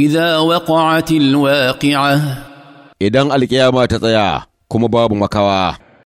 Iza waƙwacin waƙi'a Idan alƙiyama ta tsaya kuma babu makawa.